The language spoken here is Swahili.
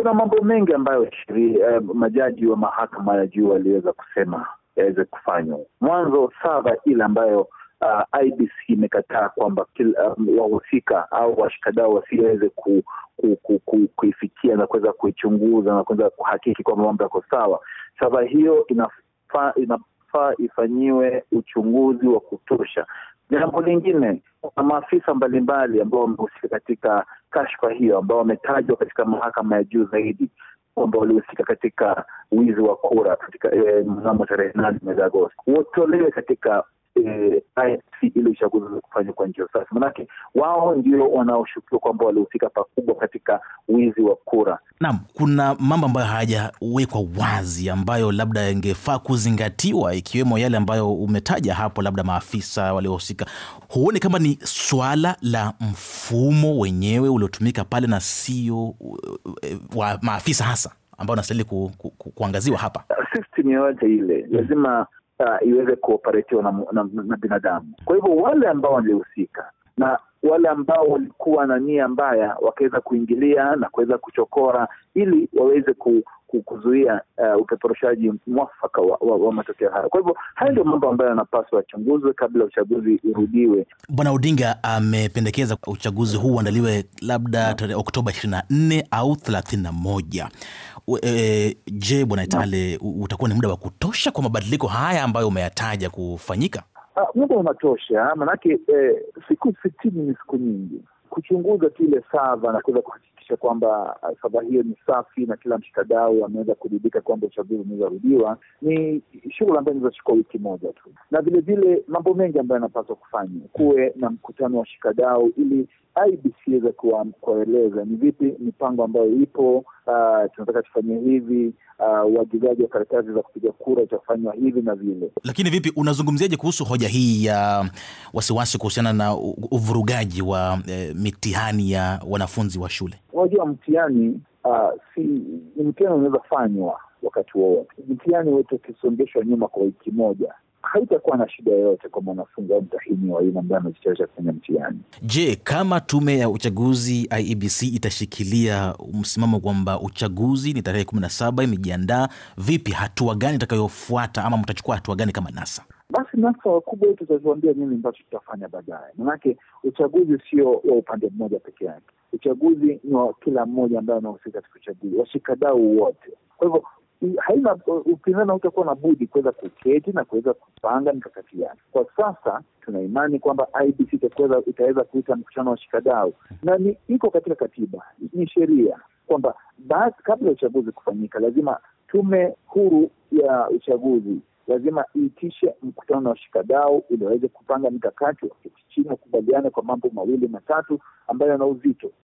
kuna mambo mengi ambayo eh, majaji wa mahakama ya juu waliweza kusema yaweze kufanywa. Mwanzo saba ile ambayo uh, ah, IBC imekataa kwamba um, wahusika au washikadao wasiweze ku, kuifikia na kuweza kuichunguza na kuweza kuhakiki kwamba mambo yako sawa. Sasa hiyo inafaa inafaa ifanyiwe uchunguzi wa kutosha Jambo lingine, kuna maafisa mbalimbali ambao wamehusika katika kashfa hiyo, ambao wametajwa katika mahakama ya juu zaidi ambao walihusika katika wizi wa kura katika eh, mnamo tarehe nane mwezi Agosti, watolewe katika eh, IFC ile uchaguzi kufanywa kwa njia sasa, manake wao ndio wanaoshukiwa kwamba walihusika pakubwa katika wizi wa kura. Naam, kuna mambo ambayo hayajawekwa wazi ambayo labda yangefaa kuzingatiwa, ikiwemo yale ambayo umetaja hapo, labda maafisa waliohusika. Huoni kama ni swala la mfumo wenyewe uliotumika pale na sio eh, wa maafisa hasa ambao unastahili ku, ku, ku, kuangaziwa hapa? System yoyote ile lazima uh, iweze kuoperatiwa na, na, na binadamu. Kwa hivyo wale ambao walihusika na wale ambao walikuwa na nia mbaya wakaweza kuingilia na kuweza kuchokora ili waweze ku, kuzuia uh, upeperushaji mwafaka wa, wa, wa matokeo hayo. Kwa hivyo haya ndio mambo ambayo yanapaswa yachunguzwe kabla uchaguzi urudiwe. Bwana Odinga amependekeza uchaguzi huu uandaliwe labda tarehe Oktoba ishirini na nne au thelathini na moja. E, je, bwana Itale, utakuwa ni muda wa kutosha kwa mabadiliko haya ambayo umeyataja kufanyika? Ah, muda unatosha, manake e, siku sitini ni siku nyingi kuchunguza kile sava na kuweza kuhakikisha kwamba uh, saba hiyo ni safi na kila mshikadau ameweza kuridhika kwamba uchaguzi umezarudiwa, ni shughuli ambayo inawezachukua wiki moja tu, na vilevile mambo mengi ambayo yanapaswa kufanywa, kuwe na mkutano wa shikadau ili ibc iweze kuwaeleza ni vipi mipango ambayo ipo Ah, tunataka tufanye hivi, ah, uagizaji wa karatasi za kupiga kura itafanywa hivi na vile. Lakini vipi, unazungumziaje kuhusu hoja hii ya wasiwasi kuhusiana na uvurugaji wa e, mitihani ya wanafunzi wa shule? Unajua mtihani uh, si mtihani unaweza fanywa wakati wowote. Mtihani wetu ukisongeshwa nyuma kwa wiki moja haitakuwa na shida yoyote kwa mwanafunzi au wa yule ambaye amejitayarisha kufanya mtihani. Je, kama tume ya uchaguzi IEBC itashikilia msimamo kwamba uchaguzi ni tarehe kumi na saba, imejiandaa vipi? Hatua gani itakayofuata ama mtachukua hatua gani kama NASA? Basi NASA wakubwa wetu tutatuambia nini ambacho tutafanya baadaye, manake uchaguzi sio wa upande mmoja peke yake. Uchaguzi ni wa kila mmoja ambaye anahusika katika uchaguzi, washikadau wote. Kwa hivyo haina upinzani, hautakuwa na budi kuweza kuketi na kuweza kupanga mikakati yake. Kwa sasa tuna imani kwamba ibc itaweza kuita mkutano wa shikadau na ni iko katika katiba, ni sheria kwamba kabla ya uchaguzi kufanyika, lazima tume huru ya uchaguzi lazima iitishe mkutano wa shikadau ili waweze kupanga mikakati, waketi chini, wakubaliane kwa mambo mawili matatu ambayo yana uzito.